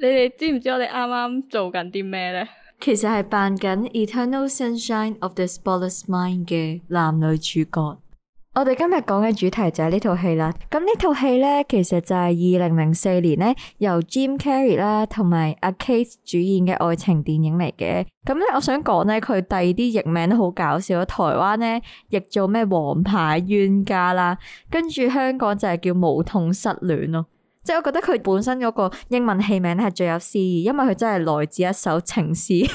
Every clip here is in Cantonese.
你哋知唔知我哋啱啱做緊啲咩呢？其實係扮緊《Eternal Sunshine of the Spotless Mind》嘅男女主角。我哋今日講嘅主題就係呢套戲啦。咁呢套戲呢，其實就係二零零四年咧，由 Jim Carrey 啦同埋阿 Kate 主演嘅愛情電影嚟嘅。咁咧，我想講呢，佢第二啲譯名都好搞笑。台灣呢，譯做咩《王牌冤家》啦，跟住香港就係叫《無痛失戀》咯。即係我覺得佢本身嗰個英文戲名咧，係最有詩意，因為佢真係來自一首情詩。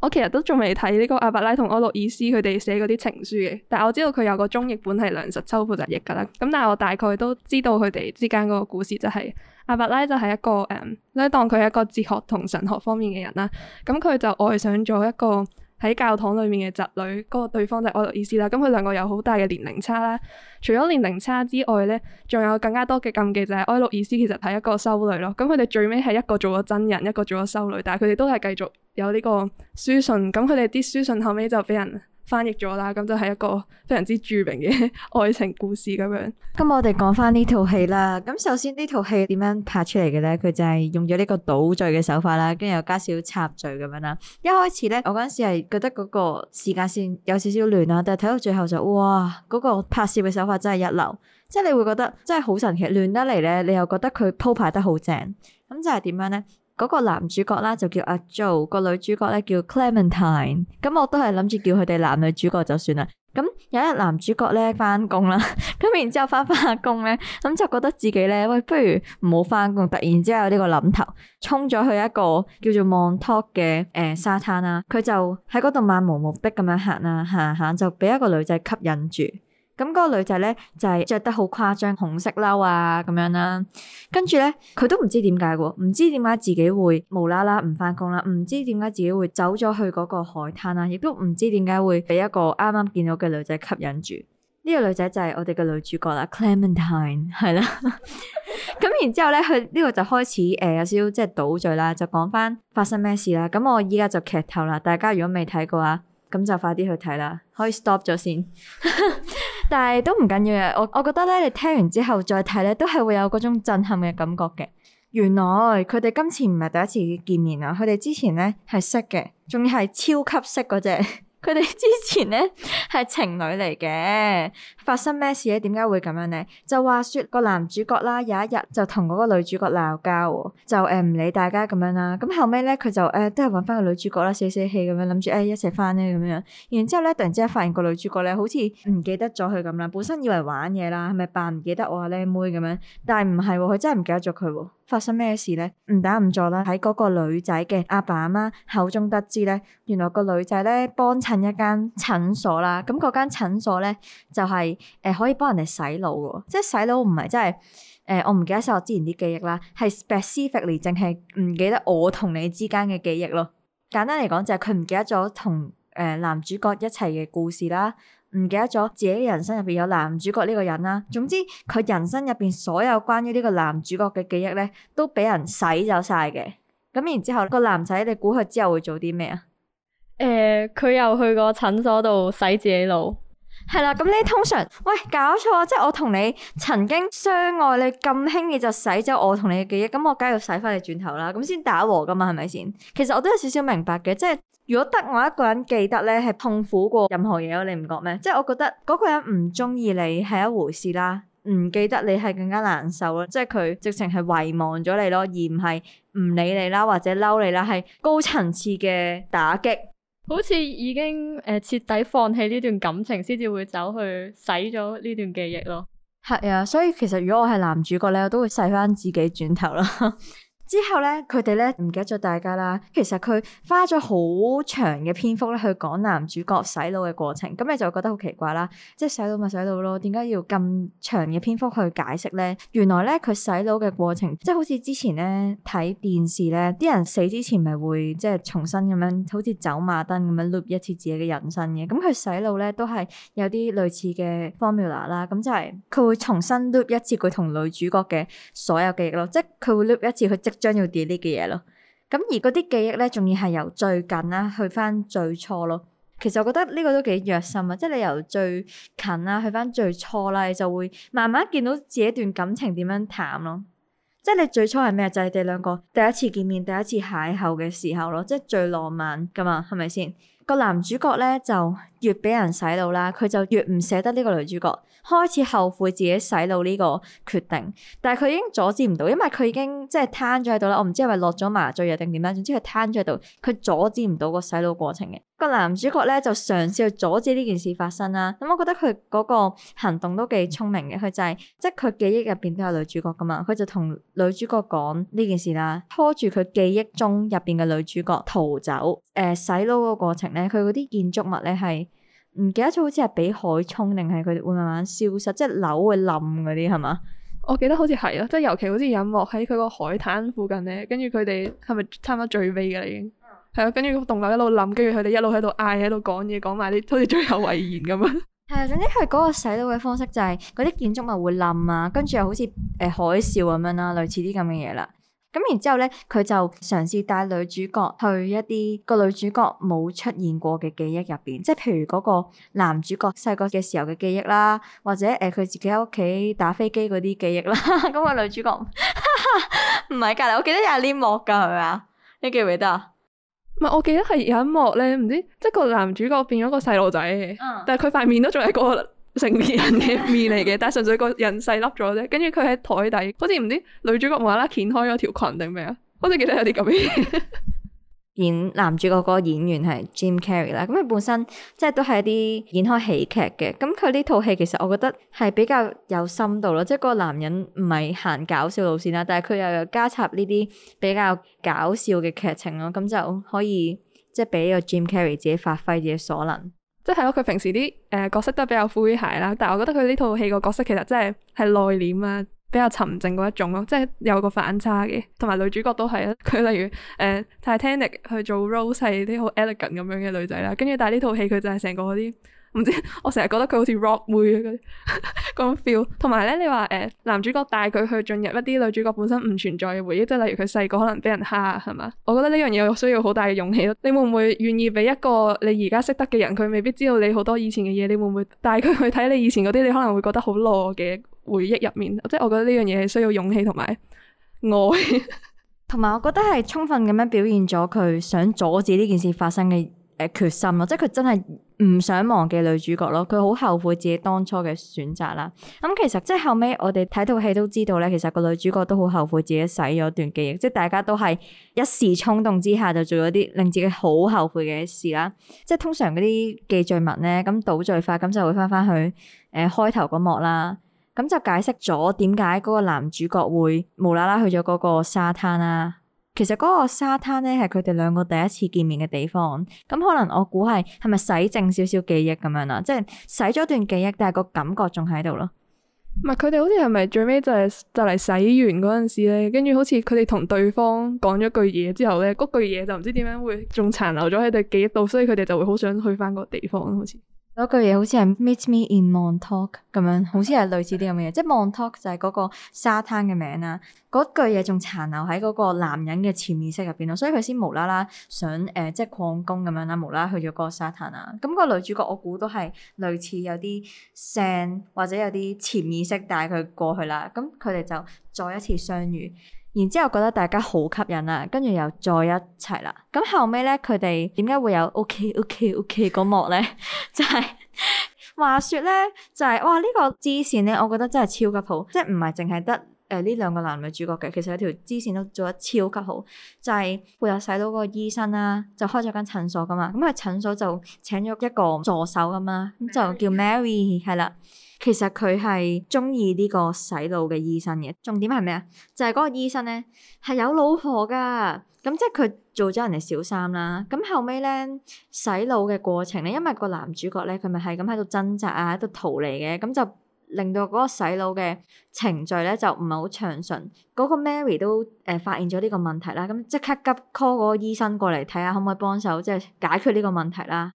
我其實都仲未睇呢個阿伯拉同阿諾伊斯佢哋寫嗰啲情書嘅，但係我知道佢有個中譯本係梁實秋負責譯㗎喇，咁但係我大概都知道佢哋之間嗰個故事就係、是、阿伯拉就係一個誒，你、um, 當佢係一個哲學同神學方面嘅人啦，咁佢就愛上咗一個。喺教堂裏面嘅侄女，嗰、那個對方就係愛洛伊斯啦，咁佢兩個有好大嘅年齡差啦。除咗年齡差之外咧，仲有更加多嘅禁忌就係愛洛伊斯其實係一個修女咯。咁佢哋最尾係一個做咗真人，一個做咗修女，但係佢哋都係繼續有呢個書信。咁佢哋啲書信後尾就畀人。翻譯咗啦，咁就係一個非常之著名嘅愛情故事咁樣。咁我哋講翻呢套戲啦。咁首先呢套戲點樣拍出嚟嘅咧？佢就係用咗呢個倒序嘅手法啦，跟住又加少插序咁樣啦。一開始咧，我嗰陣時係覺得嗰個時間線有少少亂啦，但係睇到最後就哇，嗰個拍攝嘅手法真係一流。即係你會覺得真係好神奇，亂得嚟咧，你又覺得佢鋪排得好正。咁就係點樣咧？嗰個男主角啦就叫阿 Joel，個女主角咧叫 Clementine，咁我都係諗住叫佢哋男女主角就算啦。咁有一日男主角咧翻工啦，咁 然之後翻翻下工咧，咁就覺得自己咧，喂，不如唔好翻工，突然之間有呢個諗頭，衝咗去一個叫做 Montauk 嘅誒、呃、沙灘啦，佢就喺嗰度漫無目的咁樣行啦行行，就俾一個女仔吸引住。咁嗰個女仔咧就係、是、着得好誇張，紅色褸啊咁樣啦、啊，跟住咧佢都唔知點解嘅，唔知點解自己會無啦啦唔翻工啦，唔知點解自己會走咗去嗰個海灘啦，亦都唔知點解會俾一個啱啱見到嘅女仔吸引住。呢、這個女仔就係我哋嘅女主角啦，Clementine 係啦。咁 然之後咧，佢呢個就開始誒、呃、有少少即係倒敘啦，就講翻發生咩事啦。咁我依家就劇透啦，大家如果未睇過啊。咁就快啲去睇啦，可以 stop 咗先 但。但係都唔緊要嘅，我我覺得咧，你聽完之後再睇咧，都係會有嗰種震撼嘅感覺嘅。原來佢哋今次唔係第一次見面啊，佢哋之前咧係識嘅，仲要係超級識嗰隻。佢哋之前咧係情侶嚟嘅，發生咩事咧？點解會咁樣咧？就話說個男主角啦，有一日就同嗰個女主角鬧交喎，就誒唔理大家咁樣啦。咁後尾咧，佢就誒都係揾翻個女主角啦，死死氣咁樣，諗住誒一齊翻咧咁樣。然之後咧，突然之間發現個女主角咧，好似唔記得咗佢咁啦。本身以為玩嘢啦，係咪扮唔記得我阿、啊、靚妹咁樣？但係唔係喎，佢真係唔記得咗佢喎。發生咩事咧？唔打唔坐啦！喺嗰個女仔嘅阿爸阿媽口中得知咧，原來個女仔咧幫襯一間診所啦。咁嗰間診所咧就係、是、誒、呃、可以幫人哋洗腦嘅，即係洗腦唔係真係誒、呃、我唔記得晒我之前啲記憶啦，係 specifically 淨係唔記得我同你之間嘅記憶咯。簡單嚟講就係佢唔記得咗同誒男主角一齊嘅故事啦。唔記得咗自己嘅人生入邊有男主角呢個人啦，總之佢人生入邊所有關於呢個男主角嘅記憶咧，都俾人洗走晒嘅。咁然之後個男仔，你估佢之後會做啲咩啊？誒、呃，佢又去個診所度洗自己腦。係啦，咁你通常喂，搞錯，即係我同你曾經相愛，你咁輕易就洗走我同你嘅記憶，咁我梗係要洗翻你轉頭啦，咁先打和噶嘛，係咪先？其實我都有少少明白嘅，即係如果得我一個人記得咧，係痛苦過任何嘢，你唔覺咩？即係我覺得嗰個人唔中意你係一回事啦，唔記得你係更加難受啦，即係佢直情係遺忘咗你咯，而唔係唔理你啦，或者嬲你啦，係高層次嘅打擊。好似已經誒，徹底放棄呢段感情，先至會走去洗咗呢段記憶咯。係啊，所以其實如果我係男主角咧，我都會洗翻自己轉頭啦。 之後咧，佢哋咧唔記得咗大家啦。其實佢花咗好長嘅篇幅咧去講男主角洗腦嘅過程，咁你就會覺得好奇怪啦。即係洗腦咪洗腦咯，點解要咁長嘅篇幅去解釋咧？原來咧佢洗腦嘅過程，即係好似之前咧睇電視咧，啲人死之前咪會即係重新咁樣好似走馬燈咁樣 loop 一次自己嘅人生嘅。咁佢洗腦咧都係有啲類似嘅 formula 啦。咁就係佢會重新 loop 一次佢同女主角嘅所有記憶咯。即係佢會 loop 一次佢即將要 delete 嘅嘢咯，咁而嗰啲記憶咧，仲要係由最近啦、啊、去翻最初咯。其實我覺得呢個都幾虐心啊，即係你由最近啦、啊、去翻最初啦，你就會慢慢見到自己段感情點樣淡咯。即係你最初係咩？就係、是、你哋兩個第一次見面、第一次邂逅嘅時候咯，即係最浪漫噶嘛，係咪先？個男主角咧就。越俾人洗腦啦，佢就越唔捨得呢個女主角，開始後悔自己洗腦呢個決定。但係佢已經阻止唔到，因為佢已經即係攤咗喺度啦。我唔知係咪落咗麻醉藥定點啦。總之佢攤咗喺度，佢阻止唔到個洗腦過程嘅。個男主角咧就嘗試去阻止呢件事發生啦。咁、嗯、我覺得佢嗰個行動都幾聰明嘅。佢就係、是、即係佢記憶入邊都有女主角噶嘛，佢就同女主角講呢件事啦，拖住佢記憶中入邊嘅女主角逃走。誒、呃、洗腦個過程咧，佢嗰啲建築物咧係。唔記得咗，好似係畀海沖定係佢哋會慢慢消失，即係樓會冧嗰啲係嘛？我記得好似係咯，即係尤其好似隱沒喺佢個海灘附近咧，跟住佢哋係咪差唔多最尾嘅啦已經？係啊、嗯，跟住個棟樓一路冧，跟住佢哋一路喺度嗌喺度講嘢，講埋啲好似最後遺言咁啊！係啊，總之佢嗰個洗腦嘅方式就係嗰啲建築物會冧啊，跟住又好似誒、呃、海嘯咁樣啦，類似啲咁嘅嘢啦。咁然之後咧，佢就嘗試帶女主角去一啲個女主角冇出現過嘅記憶入邊，即係譬如嗰個男主角細個嘅時候嘅記憶啦，或者誒佢自己喺屋企打飛機嗰啲記憶啦。咁個女主角唔係隔籬，我記得有呢幕㗎係咪啊？你記唔記得啊？唔係，我記得係有一幕咧，唔知即係個男主角變咗個細路仔嘅，嗯、但係佢塊面都仲係個成年人嘅面嚟嘅，但係純粹個人細粒咗啫。跟住佢喺台底，好似唔知女主角無啦啦掀開咗條裙定咩啊？好似記得有啲咁嘅。演男主角嗰個演員係 Jim Carrey 啦，咁佢本身即係都係一啲演開喜劇嘅。咁佢呢套戲其實我覺得係比較有深度咯，即係個男人唔係行搞笑路線啦，但係佢又有加插呢啲比較搞笑嘅劇情咯。咁就可以即係俾個 Jim Carrey 自己發揮自己所能。即係咯，佢平時啲誒、呃、角色都係比較詼諧啦，但係我覺得佢呢套戲個角色其實真係係內斂啊，比較沉靜嗰一種咯，即、就、係、是、有個反差嘅，同埋女主角都係啦。佢例如誒 Titanic、呃、去做 Rose 係啲好 elegant 咁樣嘅女仔啦，跟住但係呢套戲佢就係成個嗰啲。唔知，我成日覺得佢好似 rock 妹嗰嗰 種 feel。同埋咧，你話誒、欸、男主角帶佢去進入一啲女主角本身唔存在嘅回憶，即係例如佢細個可能俾人蝦，係嘛？我覺得呢樣嘢需要好大嘅勇氣咯。你會唔會願意俾一個你而家識得嘅人，佢未必知道你好多以前嘅嘢？你會唔會帶佢去睇你以前嗰啲？你可能會覺得好囉嘅回憶入面。即係我覺得呢樣嘢係需要勇氣同埋愛。同埋我覺得係充分咁樣表現咗佢想阻止呢件事發生嘅誒決心咯，即係佢真係唔想忘記女主角咯，佢好後悔自己當初嘅選擇啦。咁其實即係後尾我哋睇套戲都知道咧，其實個女主角都好後悔自己洗咗段記憶，即係大家都係一時衝動之下就做咗啲令自己好後悔嘅事啦。即係通常嗰啲記敘文咧，咁倒敘法咁就會翻翻去誒、呃、開頭嗰幕啦。咁就解釋咗點解嗰個男主角會無啦啦去咗嗰個沙灘啦。其實嗰個沙灘咧係佢哋兩個第一次見面嘅地方，咁可能我估係係咪洗淨少少記憶咁樣啦，即係洗咗段記憶，但係個感覺仲喺度咯。唔係，就是，佢哋好似係咪最尾就係就嚟洗完嗰陣時咧，跟住好似佢哋同對方講咗句嘢之後咧，嗰句嘢就唔知點樣會仲殘留咗喺佢哋記憶度，所以佢哋就會好想去翻個地方好似。嗰句嘢好似係 Meet me in Montauk 咁樣，好似係類似啲咁嘅嘢，即係 Montauk 就係嗰個沙灘嘅名啦。嗰句嘢仲殘留喺嗰個男人嘅潛意識入邊咯，所以佢先無啦啦想誒、呃，即係曠工咁樣啦，無啦去咗嗰個沙灘啊。咁、嗰個女主角我估都係類似有啲聲或者有啲潛意識帶佢過去啦。咁佢哋就再一次相遇。然之後覺得大家好吸引啦，跟住又再一齊啦。咁後尾咧，佢哋點解會有 OK OK OK 嗰幕咧？ 說就係話説咧，就係哇呢、呢個支線咧，我覺得真係超級好，即係唔係淨係得誒呢兩個男女主角嘅，其實有條支線都做得超級好。就係、是、會有使到嗰個醫生啦，就開咗間診所噶嘛。咁佢診所就請咗一個助手噶嘛，咁就叫 Mary 係啦。 其實佢係鍾意呢個洗腦嘅醫生嘅，重點係咩啊？就係、是、嗰個醫生咧係有老婆噶，咁即係佢做咗人哋小三啦。咁後尾咧洗腦嘅過程咧，因為個男主角咧佢咪係咁喺度掙扎啊，喺度逃離嘅，咁就令到嗰個洗腦嘅程序咧就唔係好暢順。嗰、那個 Mary 都誒、呃、發現咗呢個問題啦，咁即刻急 call 嗰個醫生過嚟睇下可唔可以幫手即係解決呢個問題啦。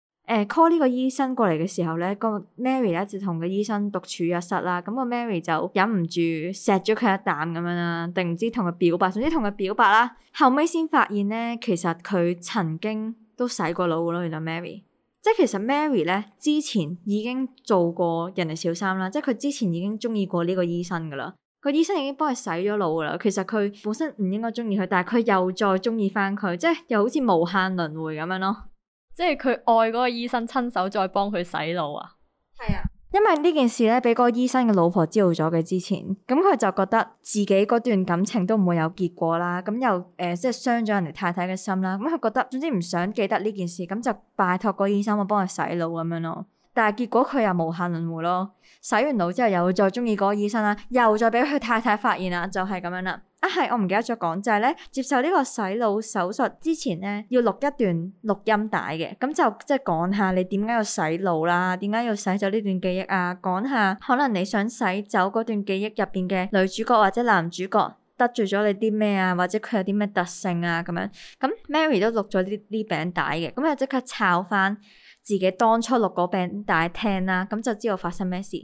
call 呢、呃、個醫生過嚟嘅時候咧，個 Mary 咧就同個醫生獨處一室啦。咁、個 Mary 就忍唔住錫咗佢一啖咁樣啦，定唔知同佢表白，總之同佢表白啦。後尾先發現咧，其實佢曾經都洗過腦噶咯。原來 Mary，即係其實 Mary 咧之前已經做過人哋小三啦，即係佢之前已經中意過呢個醫生噶啦。個醫生已經幫佢洗咗腦噶啦。其實佢本身唔應該中意佢，但係佢又再中意翻佢，即係又好似無限輪迴咁樣咯。即係佢愛嗰、啊、個醫生親手再幫佢洗腦啊！係啊，因為呢件事咧，俾嗰個醫生嘅老婆知道咗嘅之前，咁佢就覺得自己嗰段感情都唔會有結果啦，咁又誒、呃、即係傷咗人哋太太嘅心啦，咁佢覺得總之唔想記得呢件事，咁就拜託嗰個醫生去幫佢洗腦咁樣咯。但係結果佢又無限輪回咯，洗完腦之後又再中意嗰個醫生啦，又再俾佢太太發現啦，就係、是、咁樣啦。啊係，我唔記得咗講，就係、是、咧接受呢個洗腦手術之前咧，要錄一段錄音帶嘅，咁就即係講下你點解要洗腦啦、啊，點解要洗走呢段記憶啊，講下可能你想洗走嗰段記憶入邊嘅女主角或者男主角得罪咗你啲咩啊，或者佢有啲咩特性啊咁樣。咁 Mary 都錄咗呢呢餅帶嘅，咁就即刻抄翻自己當初錄嗰餅帶聽啦，咁就知道發生咩事。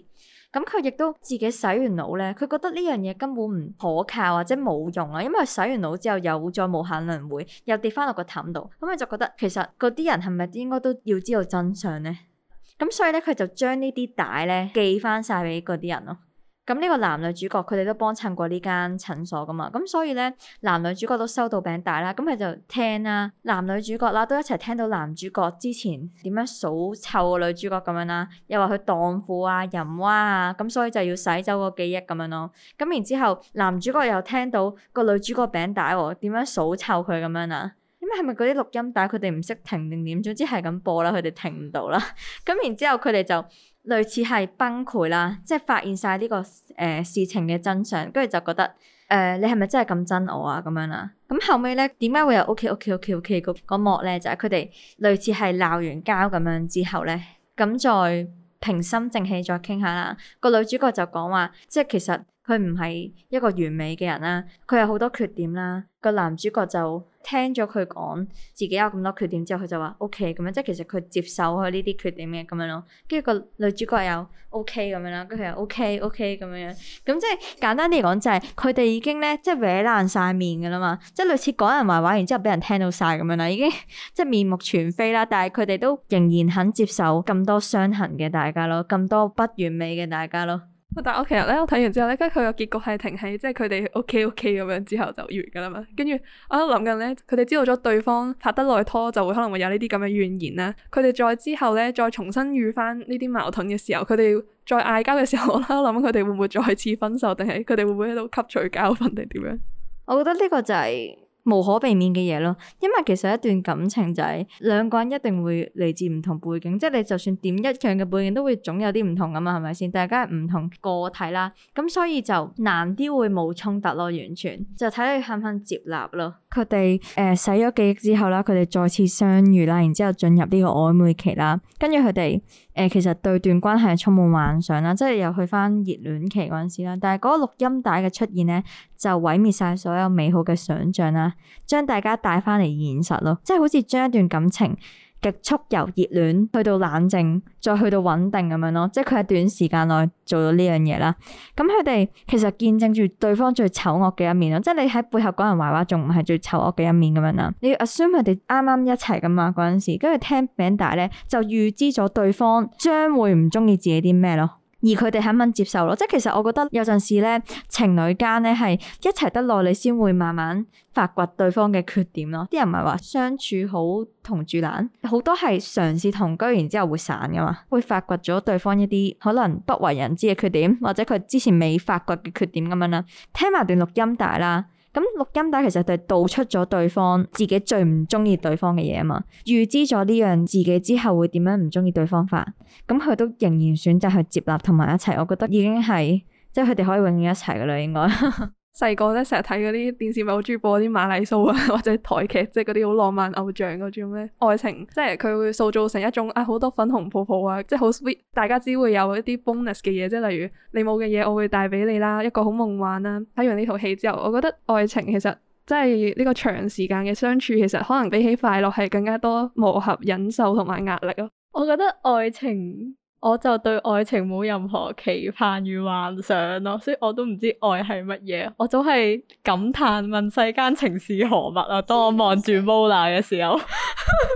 咁佢亦都自己洗完腦咧，佢覺得呢樣嘢根本唔可靠、啊、或者冇用啊，因為洗完腦之後又再無限輪回，又跌翻落個凼度，咁佢就覺得其實嗰啲人係咪應該都要知道真相咧？咁所以咧，佢就將呢啲帶咧寄翻晒俾嗰啲人咯。咁呢個男女主角佢哋都幫襯過呢間診所㗎嘛，咁所以咧，男女主角都收到餅帶啦，咁佢就聽啦、啊，男女主角啦、啊、都一齊聽到男主角之前點樣數臭個女主角咁樣啦、啊，又話佢蕩婦啊淫娃啊，咁所以就要洗走個記憶咁樣咯、啊。咁然之後男主角又聽到個女主角餅帶喎，點樣數臭佢咁樣啊？咁係咪嗰啲錄音帶佢哋唔識停定點？總之係咁播啦，佢哋停唔到啦。咁然之後佢哋就。類似係崩潰啦，即係發現晒呢、這個誒、呃、事情嘅真相，跟住就覺得誒、呃、你係咪真係咁憎我啊？咁樣啦，咁後尾咧點解會有 ok ok ok ok 嗰個幕咧？就係佢哋類似係鬧完交咁樣之後咧，咁再平心靜氣再傾下啦。個女主角就講話，即係其實佢唔係一個完美嘅人啦，佢有好多缺點啦。個男主角就。聽咗佢講自己有咁多缺點之後，佢就話 OK 咁樣，即係其實佢接受佢呢啲缺點嘅咁樣咯。跟住個女主角又 OK 咁樣啦，跟住又 OK OK 咁樣樣。咁即係簡單啲講、就是，就係佢哋已經咧，即係歪爛晒面噶啦嘛，即係類似講人壞話，然之後俾人聽到晒咁樣啦，已經即係面目全非啦。但係佢哋都仍然肯接受咁多傷痕嘅大家咯，咁多不完美嘅大家咯。但係我其實咧，我睇完之後咧，跟住佢個結局係停喺即係佢哋 OK OK 咁樣之後就完噶啦嘛。跟住我諗緊咧，佢哋知道咗對方拍得耐拖，就會可能會有呢啲咁嘅怨言啦。佢哋再之後咧，再重新遇翻呢啲矛盾嘅時候，佢哋再嗌交嘅時候，我諗佢哋會唔會再次分手，定係佢哋會唔會喺度吸取教訓，定點樣？我覺得呢個就係。無可避免嘅嘢咯，因為其實一段感情就係、是、兩個人一定會嚟自唔同背景，就是、即係你就算點一樣嘅背景，都會總有啲唔同咁嘛，係咪先？大家係唔同個體啦，咁所以就難啲會冇衝突咯，完全就睇你肯唔肯接納咯。佢哋誒洗咗記憶之後啦，佢哋再次相遇啦，然之後進入呢個曖昧期啦，跟住佢哋誒其實對段關係充滿幻想啦，即、就、係、是、又去返熱戀期嗰陣時啦，但係嗰個錄音帶嘅出現咧。就毀滅晒所有美好嘅想象啦，將大家帶翻嚟現實咯，即係好似將一段感情極速由熱戀去到冷靜，再去到穩定咁樣咯，即係佢喺短時間內做到呢樣嘢啦。咁佢哋其實見證住對方最醜惡嘅一面咯，即係你喺背後講人壞話，仲唔係最醜惡嘅一面咁樣啦？你要 assume 佢哋啱啱一齊噶嘛嗰陣時，跟住聽名帶咧就預知咗對方將會唔中意自己啲咩咯？而佢哋肯唔肯接受咯？即係其實我覺得有陣時咧，情侶間咧係一齊得耐，你先會慢慢發掘對方嘅缺點咯。啲人唔係話相處好同住難，好多係嘗試同居，然之後會散噶嘛，會發掘咗對方一啲可能不為人知嘅缺點，或者佢之前未發掘嘅缺點咁樣啦。聽埋段錄音帶啦。咁錄音帶其實就係道出咗對方自己最唔中意對方嘅嘢啊嘛，預知咗呢樣自己之後會點樣唔中意對方法，咁佢都仍然選擇去接納同埋一齊，我覺得已經係即係佢哋可以永遠一齊㗎喇，應該。 細個咧，成日睇嗰啲電視咪好中意播啲馬麗蘇啊，或者台劇即係嗰啲好浪漫偶像嗰種咧，愛情即係佢會塑造成一種啊好多粉紅泡泡啊，即係好 sweet，大家只會有一啲 bonus 嘅嘢，即係例如你冇嘅嘢我會帶俾你啦，一個好夢幻啦，啊。睇完呢套戲之後，我覺得愛情其實即係呢個長時間嘅相處，其實可能比起快樂係更加多磨合、忍受同埋壓力咯，啊。我覺得愛情。我就對愛情冇任何期盼與幻想咯，所以我都唔知愛係乜嘢。我總係感嘆，問世間情是何物啊！當我望住摩娜嘅時候，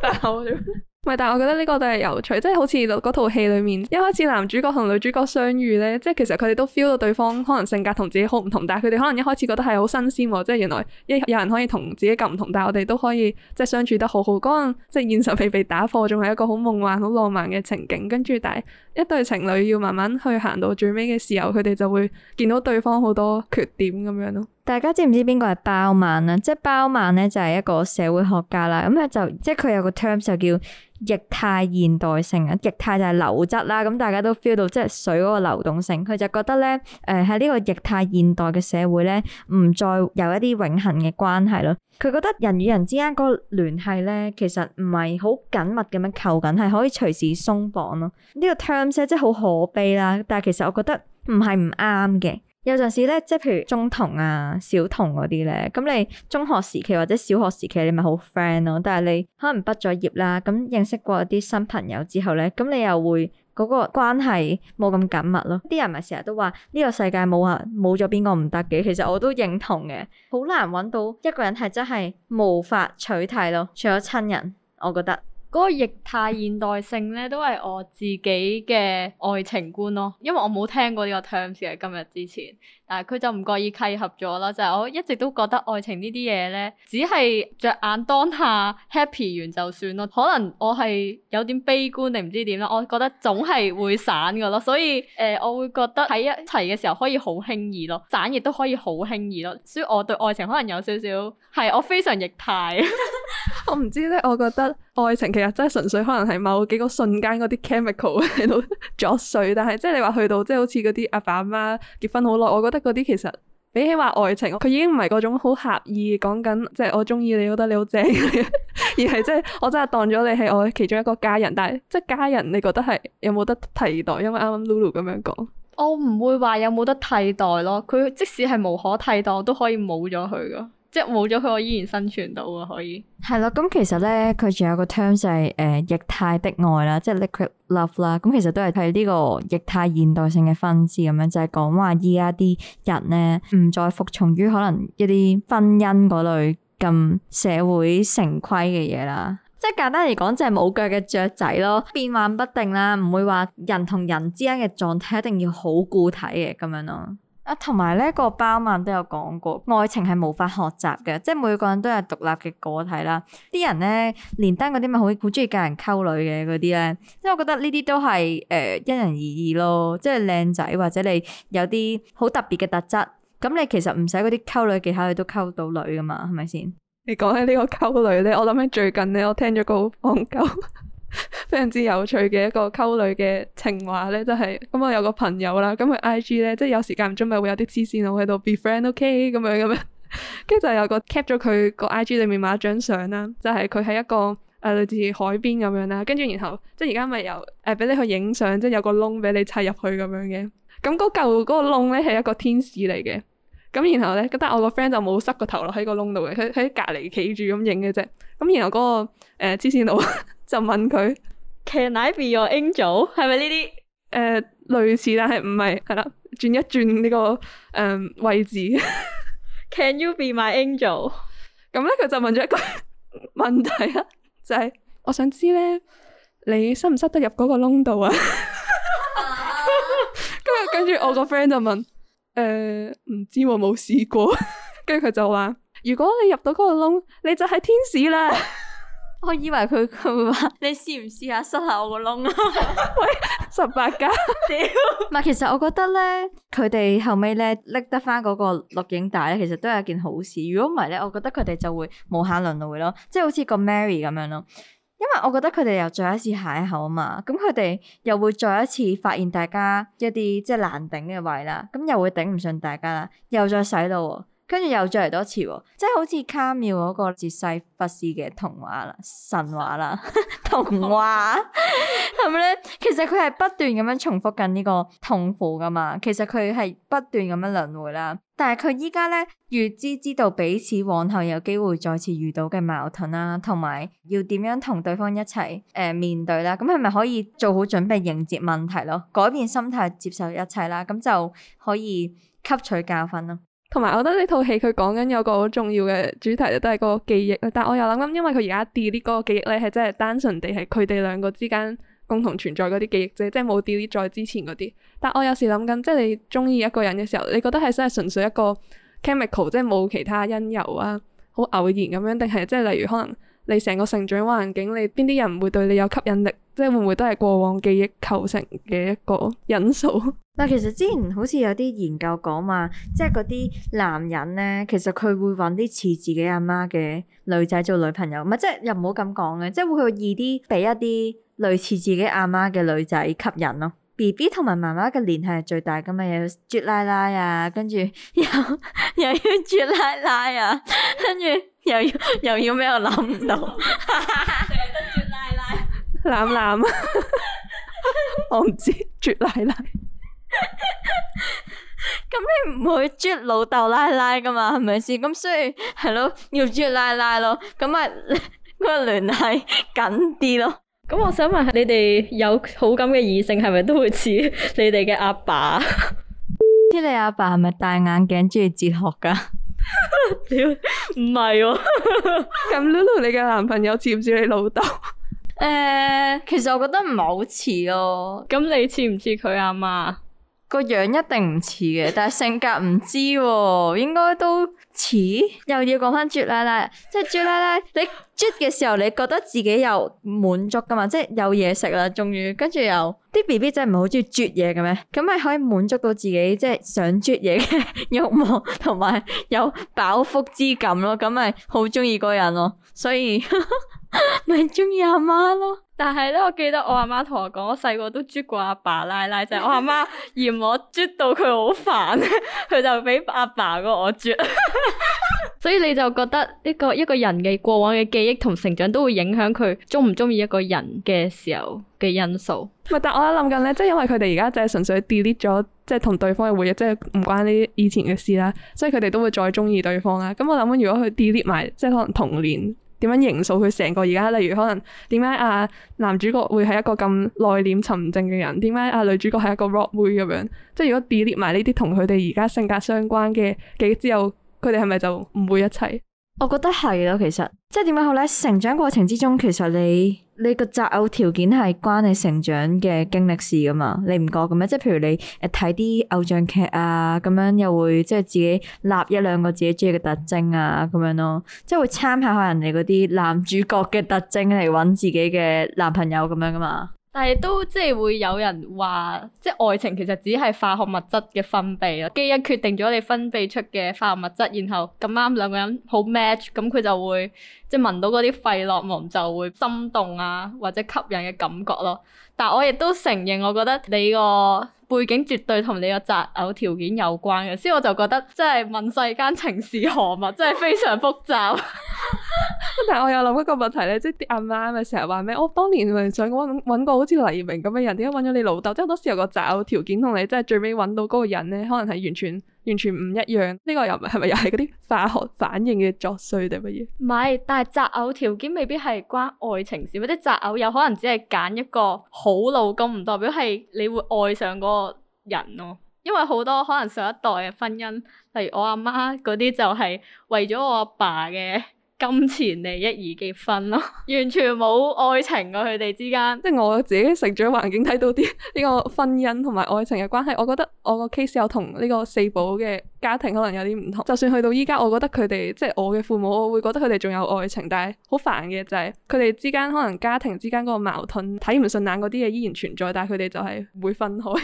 但係我點？唔係，但係我覺得呢個都係有趣，即係好似嗰套戲裏面，一開始男主角同女主角相遇呢，即係其實佢哋都 feel 到對方可能性格同自己好唔同，但係佢哋可能一開始覺得係好新鮮，即係原來一有人可以同自己咁唔同，但係我哋都可以即係相處得好好。嗰陣即係現實未被打破，仲係一個好夢幻、好浪漫嘅情景。跟住，但係一對情侶要慢慢去行到最尾嘅時候，佢哋就會見到對方好多缺點咁樣咯。大家知唔知邊個係包曼咧？即係包曼呢，就係一個社會學家啦。咁咧就即係佢有個 term 就叫。液態現代性啊，液態就係流質啦，咁大家都 feel 到即係水嗰個流動性，佢就覺得咧，誒喺呢個液態現代嘅社會咧，唔再有一啲永恒嘅關係咯。佢覺得人與人之間嗰個聯繫咧，其實唔係好緊密咁樣扣緊，係可以隨時鬆綁咯。呢個 terms 咧，即係好可悲啦，但係其實我覺得唔係唔啱嘅。有陣時咧，即係譬如中同啊、小同嗰啲咧，咁你中學時期或者小學時期，你咪好 friend 咯。但係你可能畢咗業啦，咁認識過啲新朋友之後咧，咁你又會嗰個關係冇咁緊密咯。啲人咪成日都話呢個世界冇啊，冇咗邊個唔得嘅。其實我都認同嘅，好難揾到一個人係真係無法取替咯，除咗親人，我覺得。嗰個液態現代性咧，都係我自己嘅愛情觀咯。因為我冇聽過呢個 terms 喺今日之前，但係佢就唔覺意契合咗咯。就係、是、我一直都覺得愛情呢啲嘢咧，只係着眼當下 happy 完就算咯。可能我係有啲悲觀定唔知點咯。我覺得總係會散嘅咯，所以誒、呃，我會覺得喺一齊嘅時候可以好輕易咯，散亦都可以好輕易咯。所以我對愛情可能有少少係我非常液態。 我唔知咧，我覺得愛情其實真係純粹可能係某幾個瞬間嗰啲 chemical 喺 度作祟，但係即係你話去到即係、就是、好似嗰啲阿爸阿媽結婚好耐，我覺得嗰啲其實比起話愛情，佢已經唔係嗰種好狹義講緊，即係、就是、我中意你，我覺得你好正 而係即係我真係當咗你係我其中一個家人。但係即係家人，你覺得係有冇得替代？因為啱啱 Lulu 咁樣講，我唔會話有冇得替代咯。佢即使係無可替代，都可以冇咗佢噶。即係冇咗佢，我依然生存到啊！可以係咯，咁其實咧，佢仲有個 term 就係誒液態的愛啦，即係 Liquid Love 啦。咁其實都係睇呢個液態現代性嘅分支咁樣，就係講話依家啲人咧唔再服從於可能一啲婚姻嗰類咁社會成規嘅嘢啦。即係簡單嚟講，就係冇腳嘅雀仔咯，變幻不定啦，唔會話人同人之間嘅狀態一定要好固體嘅咁樣咯。同埋咧，啊呢那個包曼都有講過，愛情係無法學習嘅，即係每個人都有獨立嘅個體啦。啲人咧，連登嗰啲咪好，好中意教人溝女嘅嗰啲咧，即係我覺得呢啲都係誒因人而異咯。即係靚仔或者你有啲好特別嘅特質，咁你其實唔使嗰啲溝女技巧，你都溝到女噶嘛，係咪先？你講起個呢個溝女咧，我諗起最近咧，我聽咗個放狗。非常之有趣嘅一個溝女嘅情話咧，就係、是、咁、嗯、我有個朋友啦，咁佢 I G 咧，即係有時間唔中咪會有啲黐線佬喺度 be friend，ok、okay、咁樣咁樣，跟住就有個 cap 咗佢個 I G 裏面某一張相啦，就係佢喺一個誒、呃、類似海邊咁樣啦，跟住然後即係而家咪有誒俾、呃、你去影相，即係有個窿俾你砌入去咁樣嘅，咁嗰嚿嗰個窿咧係一個天使嚟嘅，咁然後咧，咁但係我個 friend 就冇塞個頭落喺個窿度嘅，佢喺隔離企住咁影嘅啫，咁然後嗰、那個誒黐線佬就問佢。Can I be your angel？係咪呢啲誒類似，但係唔係係啦，轉一轉呢、這個誒、呃、位置。Can you be my angel？咁咧佢就問咗一個問題啦，就係、是、我想知咧，你塞唔塞得入嗰個窿度啊？跟住跟住我個 friend 就問誒唔、 呃、知我冇試過，跟住佢就話：如果你入到嗰個窿，你就係天使啦。 我以為佢佢會話，你試唔試下塞下我個窿啊？ 喂，十八加屌！唔係，其實我覺得咧，佢哋後尾咧拎得翻嗰個錄影帶咧，其實都係一件好事。如果唔係咧，我覺得佢哋就會無限輪迴咯，即係好似個 Mary 咁樣咯。因為我覺得佢哋又再一次邂逅啊嘛，咁佢哋又會再一次發現大家一啲即係難頂嘅位啦，咁又會頂唔順大家啦，又再洗腦。跟住又再嚟多次喎，哦，即係好似卡繆嗰個薛西弗斯嘅童話啦、神話啦、 童話，係咪咧？其實佢係不斷咁樣重複緊呢個痛苦噶嘛，其實佢係不斷咁樣輪迴啦。但係佢依家咧預知知道彼此往後有機會再次遇到嘅矛盾啦，同埋要點樣同對方一齊誒、呃、面對啦。咁係咪可以做好準備迎接問題咯？改變心態接受一切啦，咁就可以吸取教訓啦。同埋，我覺得呢套戲佢講緊有個好重要嘅主題，就都係個記憶。但我又諗緊，因為佢而家 delete 嗰個記憶咧，係真係單純地係佢哋兩個之間共同存在嗰啲記憶啫，即係冇 delete 在之前嗰啲。但我有時諗緊，即係你中意一個人嘅時候，你覺得係真係純粹一個 chemical，即係冇其他因由啊，好偶然咁樣，定係即係例如可能你成個成長環境，你邊啲人唔會對你有吸引力？即係會唔會都係過往記憶構成嘅一個因素？嗱，其實之前好似有啲研究講話，即係嗰啲男人咧，其實佢會揾啲似自己阿媽嘅女仔做女朋友，唔係即係又唔好咁講嘅，即係會去易啲俾一啲類似自己阿媽嘅女仔吸引咯。B B，同埋媽媽嘅聯繫係最大㗎嘛，要啜奶奶啊，跟住又又要啜奶奶啊，跟住又要又要咩？我諗唔到。 抱抱 奶奶，我唔知啜奶奶。咁你唔會啜老豆奶奶噶嘛？係咪先？咁雖然係咯，要啜奶奶咯，咁咪嗰個聯繫緊啲咯。咁我想問下，你哋有好感嘅異性係咪都會似你哋嘅阿爸？ 知你阿爸係咪戴眼鏡，中意哲學噶？屌 是、啊，唔 係喎。咁 Lulu，你嘅男朋友似唔似你老豆？誒，uh, 其實我覺得唔係好似咯。咁你似唔似佢阿媽？個樣一定唔似嘅，但係性格唔知，應該都似。 又要講翻啜奶奶，即係啜奶奶，你啜嘅時候，你覺得自己有滿足噶嘛？即係有嘢食啦，終於跟住又啲 B B 仔唔係好中意啜嘢嘅咩？咁咪可以滿足到自己即係想啜嘢嘅欲望，同埋有飽腹之感咯。咁咪好中意嗰個人咯。所以。 咪中意阿媽咯，但係咧，我記得我阿媽同我講，我細個都啜過阿爸，爸, 爸奶奶。就係、是、我阿媽嫌我啜到佢好煩，佢就畀阿爸個我啜。 所以你就覺得呢個一個人嘅過往嘅記憶同成長都會影響佢中唔中意一個人嘅時候嘅因素。咪但我一諗緊咧，即係因為佢哋而家就係純粹 delete 咗，即係同對方嘅回憶，即係唔關呢啲以前嘅事啦，所以佢哋都會再中意對方啦。咁我諗緊如果佢 delete 埋，即係可能童年。點樣形塑佢成個而家？例如可能點解啊男主角會係一個咁內斂沉靜嘅人？點解啊女主角係一個 rock 妹咁樣？即係如果 delete 埋呢啲同佢哋而家性格相關嘅記憶之後，佢哋係咪就唔會一齊？我覺得係咯，其實即係點樣好咧？成長過程之中，其實你你個擇偶條件係關你成長嘅經歷事噶嘛？你唔覺嘅咩？即係譬如你誒睇啲偶像劇啊，咁樣又會即係自己立一兩個自己中意嘅特徵啊，咁樣咯，即係會參考下人哋嗰啲男主角嘅特徵嚟搵自己嘅男朋友咁樣噶嘛？但係都即係會有人話，即係愛情其實只係化學物質嘅分泌啦。基因決定咗你分泌出嘅化學物質，然後咁啱兩個人好 match，咁佢就會即係聞到嗰啲費洛蒙就會心動啊，或者吸引嘅感覺咯。但我亦都承認，我覺得你，這個。背景絕對同你個擇偶條件有關嘅，所以我就覺得即係問世間情是何物，真係非常複雜。 但係我有諗一個問題咧，即係啲阿媽咪成日話咩？我當年咪想揾揾個好似黎明咁嘅人，點解揾咗你老豆？即係好多時候個擇偶條件同你，即係最尾揾到嗰個人咧，可能係完全。完全唔一樣，呢個又係咪又係嗰啲化學反應嘅作祟定乜嘢？唔係，但係擇偶條件未必係關愛情事，或者擇偶有可能只係揀一個好老公，唔代表係你會愛上嗰個人咯。因為好多可能上一代嘅婚姻，例如我阿媽嗰啲就係為咗我阿爸嘅。金錢利益而結婚咯，完全冇愛情啊！佢哋之間，即係我自己成長環境睇到啲呢個婚姻同埋愛情嘅關係，我覺得我個 case 又同呢個四寶嘅家庭可能有啲唔同。就算去到依家，我覺得佢哋即係我嘅父母，我會覺得佢哋仲有愛情，但係好煩嘅就係佢哋之間可能家庭之間嗰個矛盾睇唔順眼嗰啲嘢依然存在，但係佢哋就係唔會分開。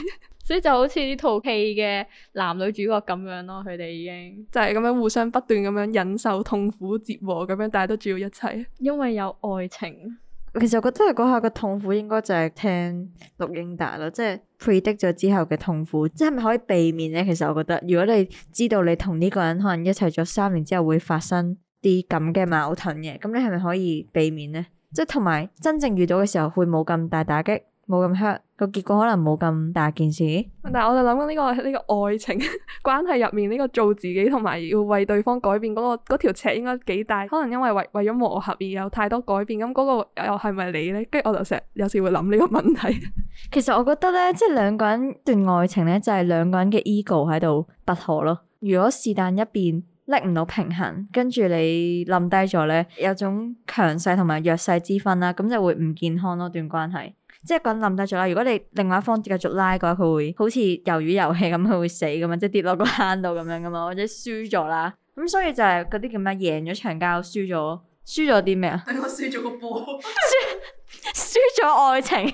所以就好似呢套戲嘅男女主角咁樣咯，佢哋已經就係咁樣互相不斷咁樣忍受痛苦折磨咁樣，但係都仲要一齊。因為有愛情。其實我覺得佢嗰下嘅痛苦應該就係聽錄音帶，啦，即係 predict 咗之後嘅痛苦，即係咪可以避免咧？其實我覺得，如果你知道你同呢個人可能一齊咗三年之後會發生啲咁嘅矛盾嘅，咁你係咪可以避免咧？即係同埋真正遇到嘅時候會冇咁大打擊。冇咁 hurt，個結果可能冇咁大件事。但係我就諗緊呢、這個呢、這個愛情 關係入面呢個做自己同埋要為對方改變嗰、那個條尺應該幾大？可能因為為為咗磨合而有太多改變，咁嗰個又係咪你呢？跟住我就成日有時會諗呢個問題。 其實我覺得呢，即係兩個人段愛情呢，就係、是、兩個人嘅 ego 喺度拔河咯。如果是但一邊，拎唔到平衡，跟住你冧低咗呢，有種強勢同埋弱勢之分啦，咁就會唔健康咯，段關係。即係滾冧得咗啦！如果你另外一方繼續拉嘅話，佢會好似魷魚遊戲咁，佢會死咁啊！即係跌落個坑度咁樣咁啊，或者輸咗啦。咁所以就係嗰啲叫咩啊？贏咗場交，輸咗，輸咗啲咩啊？我輸咗個波，輸輸咗愛情。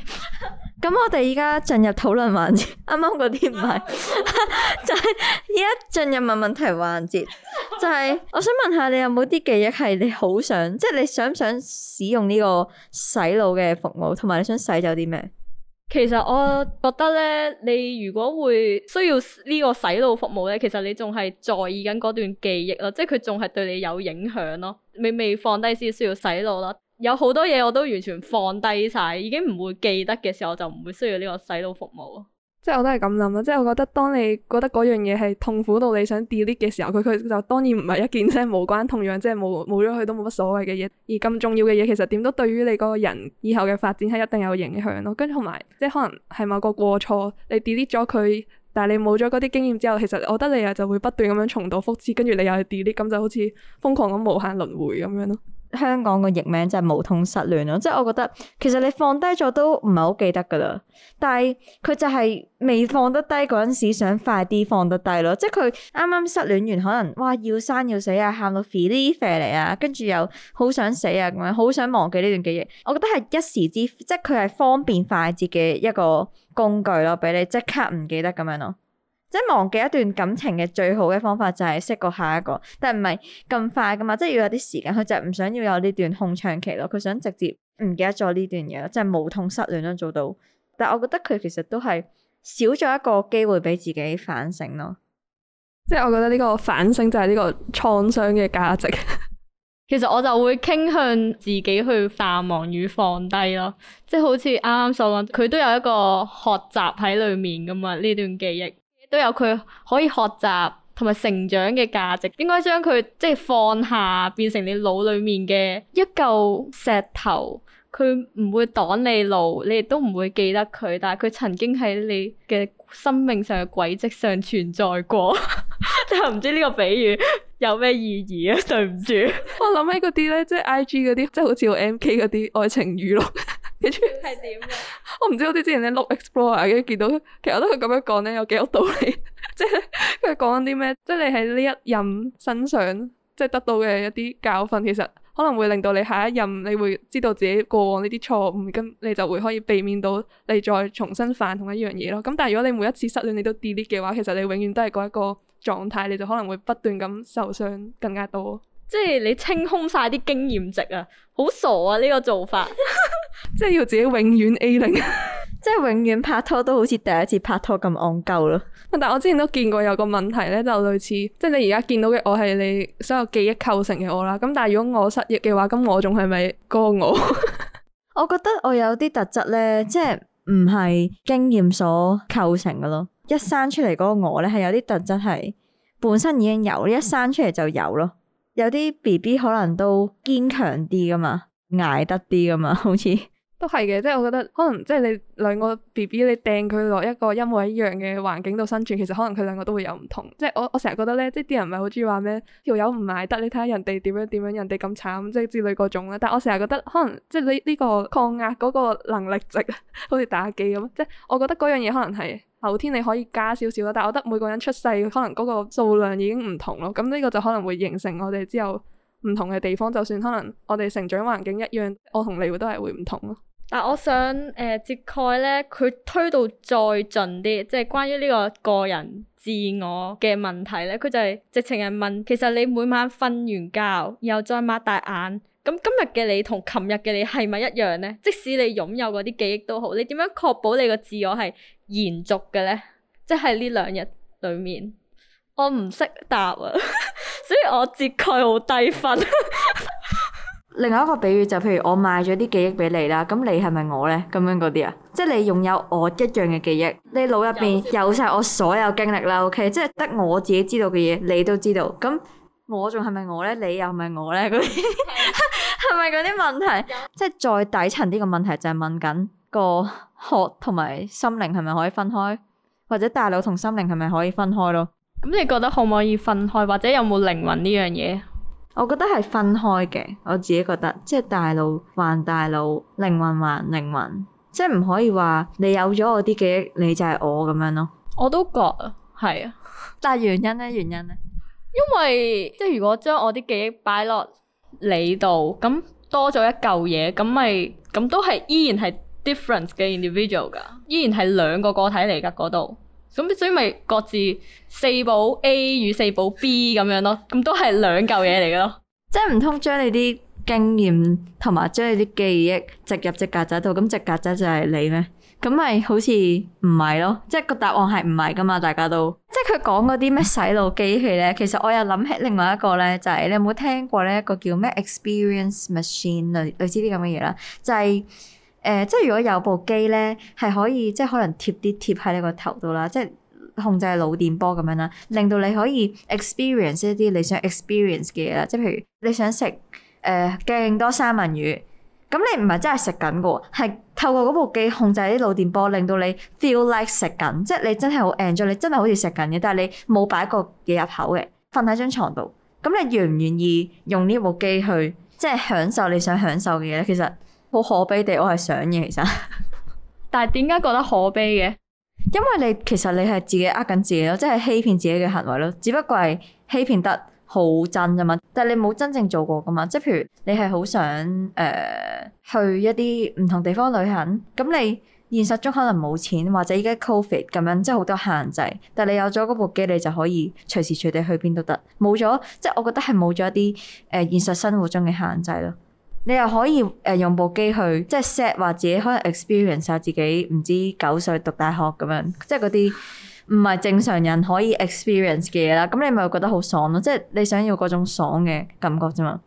咁我哋而家進入討論環節，啱啱嗰啲唔係， 就係而家進入問問題環節， 就係我想問下你有冇啲記憶係你好想，即係你想唔想使用呢個洗腦嘅服務，同埋你想洗走啲咩？其實我覺得咧，你如果會需要呢個洗腦服務咧，其實你仲係在意緊嗰段記憶咯，即係佢仲係對你有影響咯，未未放低先需要洗腦咯。有好多嘢我都完全放低晒，已經唔會記得嘅時候，我就唔會需要呢個洗腦服務。即係我都係咁諗咯，即係我覺得當你覺得嗰樣嘢係痛苦到你想 delete 嘅時候，佢佢就當然唔係一件即係無關痛癢，即係冇冇咗佢都冇乜所謂嘅嘢。而咁重要嘅嘢，其實點都對於你個人以後嘅發展係一定有影響咯。跟住同埋，即係可能係某個過錯，你 delete 咗佢，但係你冇咗嗰啲經驗之後，其實我覺得你又就會不斷咁樣重蹈覆轍，跟住你又 delete，咁就好似瘋狂咁無限輪回咁樣咯。香港個譯名就係無痛失戀咯，即係我覺得其實你放低咗都唔係好記得噶啦，但係佢就係未放得低嗰陣時，想快啲放得低咯。即係佢啱啱失戀完，可能哇要生要死啊，喊到 fi fi fe fe 啊，跟住又好想死啊，咁樣好想忘記呢段記憶。我覺得係一時之，即係佢係方便快捷嘅一個工具咯，俾你即刻唔記得咁樣咯。即係忘記一段感情嘅最好嘅方法就係識過下一個，但係唔係咁快㗎嘛，即係要有啲時間。佢就唔想要有呢段空窗期咯，佢想直接唔記得咗呢段嘢咯，即係無痛失戀都做到。但係我覺得佢其實都係少咗一個機會畀自己反省咯。即係我覺得呢個反省就係呢個創傷嘅價值。其實我就會傾向自己去淡忘與放低咯，即係好似啱啱所講，佢都有一個學習喺裏面㗎嘛，呢段記憶。都有佢可以學習同埋成長嘅價值，應該將佢即係放下，變成你腦裏面嘅一嚿石頭，佢唔會擋你路，你亦都唔會記得佢，但係佢曾經喺你嘅生命上嘅軌跡上存在過。真係唔知呢個比喻有咩意義啊？對唔住，我諗起嗰啲咧，即係 I G 嗰啲，即係好似有 M K 嗰啲愛情語錄。係點？我唔知好似之前咧碌 Explorer 嘅見到，其實我都佢咁樣講咧有幾多道理，即係佢講緊啲咩？即係你喺呢一任身上，即係得到嘅一啲教訓，其實可能會令到你下一任你會知道自己過往呢啲錯誤，咁你就會可以避免到你再重新犯同一樣嘢咯。咁但係如果你每一次失戀你都 delete 嘅話，其實你永遠都係嗰一個狀態，你就可能會不斷咁受傷更加多。即係你清空晒啲經驗值啊，好傻啊！呢、這個做法， 即係要自己永遠 A 零，即係永遠拍拖都好似第一次拍拖咁戇鳩咯。但係我之前都見過有個問題咧，就類似即係你而家見到嘅我係你所有記憶構成嘅我啦。咁但係如果我失憶嘅話，咁我仲係咪個我？ 我覺得我有啲特質咧，即係唔係經驗所構成嘅咯。一生出嚟嗰個我咧，係有啲特質係本身已經有，一生出嚟就有咯。 有啲 B B 可能都堅強啲噶嘛，捱得啲噶嘛，好似都係嘅。即係我覺得可能即係你兩個 B B 你掟佢落一個一模一樣嘅環境度生存，其實可能佢兩個都會有唔同。即係我我成日覺得咧，即係啲人唔係好中意話咩條友唔捱得，你睇下人哋點樣點樣，人哋咁慘即係之類嗰種咧。但我成日覺得可能即係呢呢個抗壓嗰個能力值，好 似打機咁。即係我覺得嗰樣嘢可能係。後天你可以加少少啦。但係我覺得每個人出世可能嗰個數量已經唔同咯，咁呢個就可能會形成我哋之後唔同嘅地方，就算可能我哋成長環境一樣，我同你會都係會唔同咯。但我想誒，節概咧，佢推到再盡啲，即係關於呢個個人自我嘅問題咧，佢就係直情係問，其實你每晚瞓完覺又再擘大眼。咁今日嘅你同琴日嘅你係咪一樣咧？即使你擁有嗰啲記憶都好，你點樣確保你個自我係延續嘅咧？即係呢兩日裏面，我唔識答啊，所以我節概好低分。另外一個比喻就係，譬如我賣咗啲記憶俾你啦，咁你係咪我咧？咁樣嗰啲啊，即係你擁有我一樣嘅記憶，你腦入邊有晒我所有經歷啦，OK？即係得我自己知道嘅嘢，你都知道咁。我仲係咪我咧？你又咪我咧？嗰啲係咪嗰啲問題？ 即係再底層啲嘅問題，就係、是、問緊個學同埋心靈係咪可以分開，或者大腦同心靈係咪可以分開咯？咁你覺得可唔可以分開？或者有冇靈魂呢樣嘢？我覺得係分開嘅，我自己覺得，即、就、係、是、大腦還大腦，靈魂還靈魂，即係唔可以話你有咗我啲記憶，你就係我咁樣咯。我都覺啊，係啊， 但係原因咧？原因咧？因為即係如果將我啲記憶擺落你度，咁多咗一嚿嘢，咁咪咁都係依然係 different 嘅 individual 噶，依然係兩個個體嚟噶嗰度，咁所以咪各自四部 A 與四部 B 咁樣咯，咁都係兩嚿嘢嚟噶咯， 即係唔通將你啲經驗同埋將你啲記憶植入隻曱甴度，咁隻曱甴就係你咩？咁咪好似唔係咯，即係個答案係唔係噶嘛？大家都，即係佢講嗰啲咩洗腦機器咧，其實我又諗起另外一個咧，就係你有冇聽過呢一個叫咩 experience machine 類類似啲咁嘅嘢啦？就係誒，即係如果有部機咧，係可以即係可能貼啲貼喺你個頭度啦，即係控制腦電波咁樣啦，令到你可以 experience 一啲你想 experience 嘅嘢啦，即係譬如你想食誒勁多三文魚。咁你唔係真係食緊嘅喎，係透過嗰部機控制啲腦電波，令到你 feel like 食緊，即係你真係好 enjoy，你真係好似食緊嘅，但係你冇擺個嘢入口嘅，瞓喺張床度。咁你願唔願意用呢部機去即係享受你想享受嘅嘢咧？其實好可悲地，我係想嘅其實。但係點解覺得可悲嘅？因為你其實你係自己呃緊自己咯，即係欺騙自己嘅行為咯，只不過係欺騙得。好真㗎、啊、嘛，但係你冇真正做過噶嘛，即係譬如你係好想誒、呃、去一啲唔同地方旅行。咁你現實中可能冇錢或者依家 Covid 咁樣，即係好多限制。但係你有咗嗰部機，你就可以隨時隨地去邊都得，冇咗即係我覺得係冇咗一啲誒、呃、現實生活中嘅限制咯。你又可以誒用部機去即係 set 或者自己可能 experience 下自己唔知九歲讀大學咁樣，即係嗰啲。唔係正常人可以 experience 嘅嘢啦，咁你咪會覺得好爽咯，即係你想要嗰種爽嘅感覺啫嘛。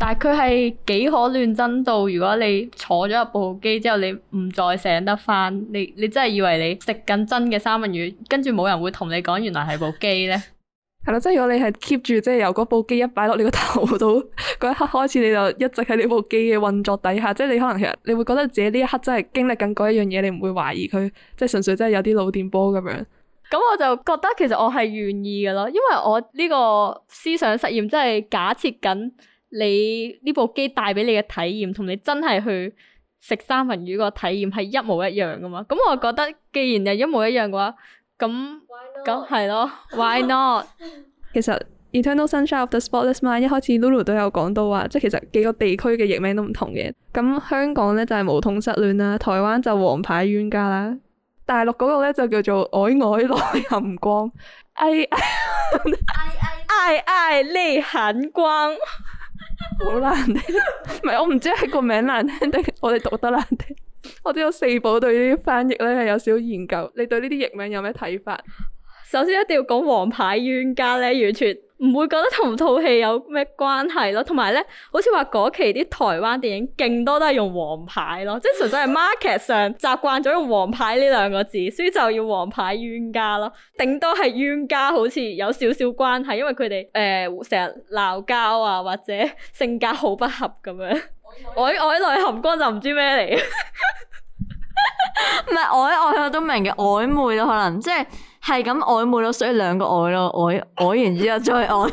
但係佢係幾可亂真到。如果你坐咗入部機之後，你唔再醒得翻，你你真係以為你食緊真嘅三文魚，跟住冇人會同你講原來係部機咧。係咯，即係如果你係 keep 住即係由嗰部機一擺落你個頭度嗰 一刻開始，你就一直喺你部機嘅運作底下，即係你可能其實你會覺得自己呢一刻真係經歷緊嗰一樣嘢，你唔會懷疑佢，即係純粹真係有啲腦電波咁樣。咁我就覺得其實我係願意嘅咯，因為我呢個思想實驗真係假設緊你呢部機帶畀你嘅體驗，同你真係去食三文魚個體驗係一模一樣嘅嘛。咁我覺得既然係一模一樣嘅話，咁咁係咯。Why not？ 其實《Eternal Sunshine of the Spotless Mind》一開始 Lulu 都有講到話，即、就、係、是、其實幾個地區嘅譯名都唔同嘅。咁香港咧就係無痛失戀啦，台灣就王牌冤家啦。大陸嗰個咧就叫做曖曖內含光，愛愛愛愛內含光，好 難聽，唔 係我唔知係個名難聽定係我哋讀得難聽。 我都有四部對呢啲翻譯咧係有少少研究，你對呢啲譯名有咩睇法？首先一定要講王牌冤家咧，完全唔會覺得同套戲有咩關係咯，同埋咧，好似話嗰期啲台灣電影勁多都係用王牌咯，即係純粹係 market 上習慣咗用王牌呢兩個字，所以就要王牌冤家咯。頂多係冤家，好似有少少關係，因為佢哋誒成日鬧交啊，或者性格好不合咁樣。曖曖內含光就唔知咩嚟啊！唔係曖曖我都明嘅，曖昧咯，可能即係。係咁曖昧咯，所以兩個愛咯，愛愛完之後再愛。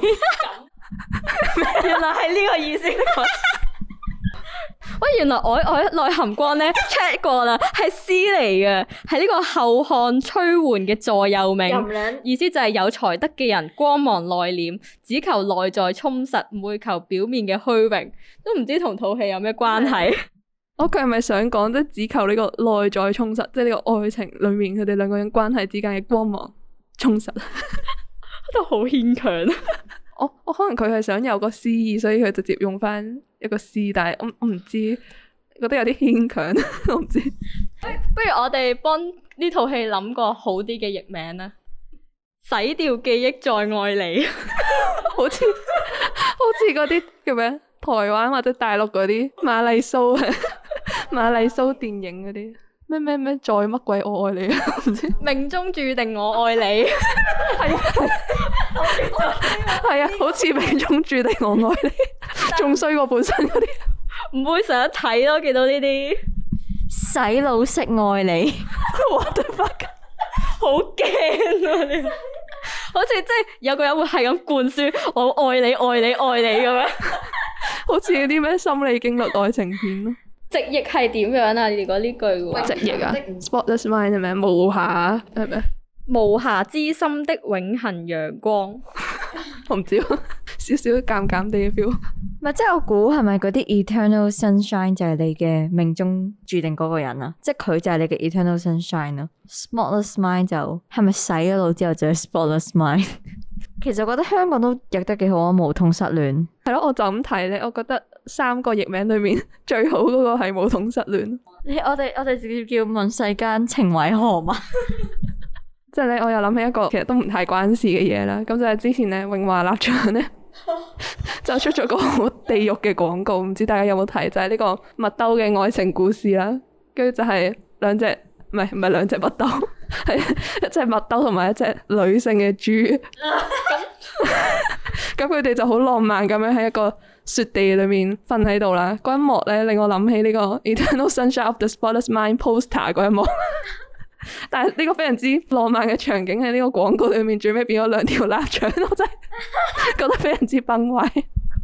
原來係呢個意思。喂，原來曖曖內含光呢 check 過啦，係詩嚟嘅，係呢個後漢崔瑗嘅座右銘。意思就係有才德嘅人，光芒內斂，只求內在充實，唔會求表面嘅虛榮。都唔知同套戲有咩關係。 我佢係咪想講，即係只求呢個內在充實，即係呢個愛情裏面佢哋兩個人關係之間嘅光芒充實，都好牽強。 我我可能佢係想有個詩意，所以佢直接用翻一個詩，但係我我唔知，覺得有啲牽強。我唔知。不如我哋幫呢套戲諗個好啲嘅譯名啊：「洗掉記憶再愛你」。好似好似嗰啲叫咩？台灣或者大陸嗰啲瑪麗蘇啊。 瑪麗蘇電影嗰啲咩咩咩再乜鬼我愛你啊？命 中注定我愛你，係 啊， 好似命中注定我愛你，仲 衰但過本身嗰啲，唔 會成日睇咯，見到呢啲洗腦式愛你，我 What the fuck? 好驚啊！呢個 好似即係有個人會係咁灌輸我愛你，愛你，愛你咁樣， 好似啲咩心理驚慄愛情片咯。直譯係點樣啊？如果呢句喎，直譯啊，spotless mind 係咪？無瑕係咪？無瑕之心的永恒陽光，我唔知啊，少少淡淡地 feel。唔係，即係我估係咪嗰啲 eternal sunshine 就係你嘅命中注定嗰個人啊？即係佢就係你嘅 eternal sunshine 咯。spotless mind 就係咪洗咗腦之後就係 spotless mind？其實我覺得香港都譯得幾好啊，《無痛失戀》係咯，我就咁睇咧，我覺得三個譯名裏面最好嗰個係《無痛失戀》你。你我哋我哋直接叫《問世間情為何物》。即係咧，我又諗起一個其實都唔太關事嘅嘢啦。咁就係之前咧，永華立場咧 就出咗個好地獄嘅廣告，唔知大家有冇睇？就係、是、呢個麥兜嘅愛情故事啦，跟住就係兩隻唔係唔係兩隻麥兜。係 一隻麥兜同埋一隻女性嘅豬，咁佢哋就好浪漫咁樣喺一個雪地裏面瞓喺度啦。嗰 一幕咧令我諗起呢、這個《Eternal Sunshine of the Spotless Mind》poster 嗰一幕。 但係呢個非常之浪漫嘅場景喺呢個廣告裏面最尾變咗兩條臘腸， 我真係覺得非常之崩壞。誒、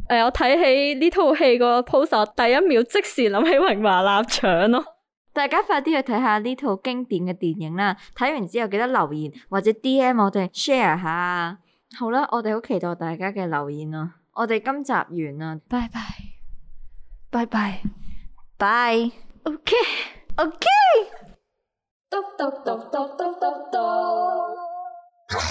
欸，我睇起呢套戲個 poster，第一秒即時諗起榮華臘腸咯。大家快啲去睇下呢套經典嘅電影啦！睇完之後記得留言或者 DM 我哋 share 下。好啦，我哋好期待大家嘅留言啊！我哋今集完啦，拜拜，拜拜，拜，OK，OK，咚咚咚咚咚咚咚。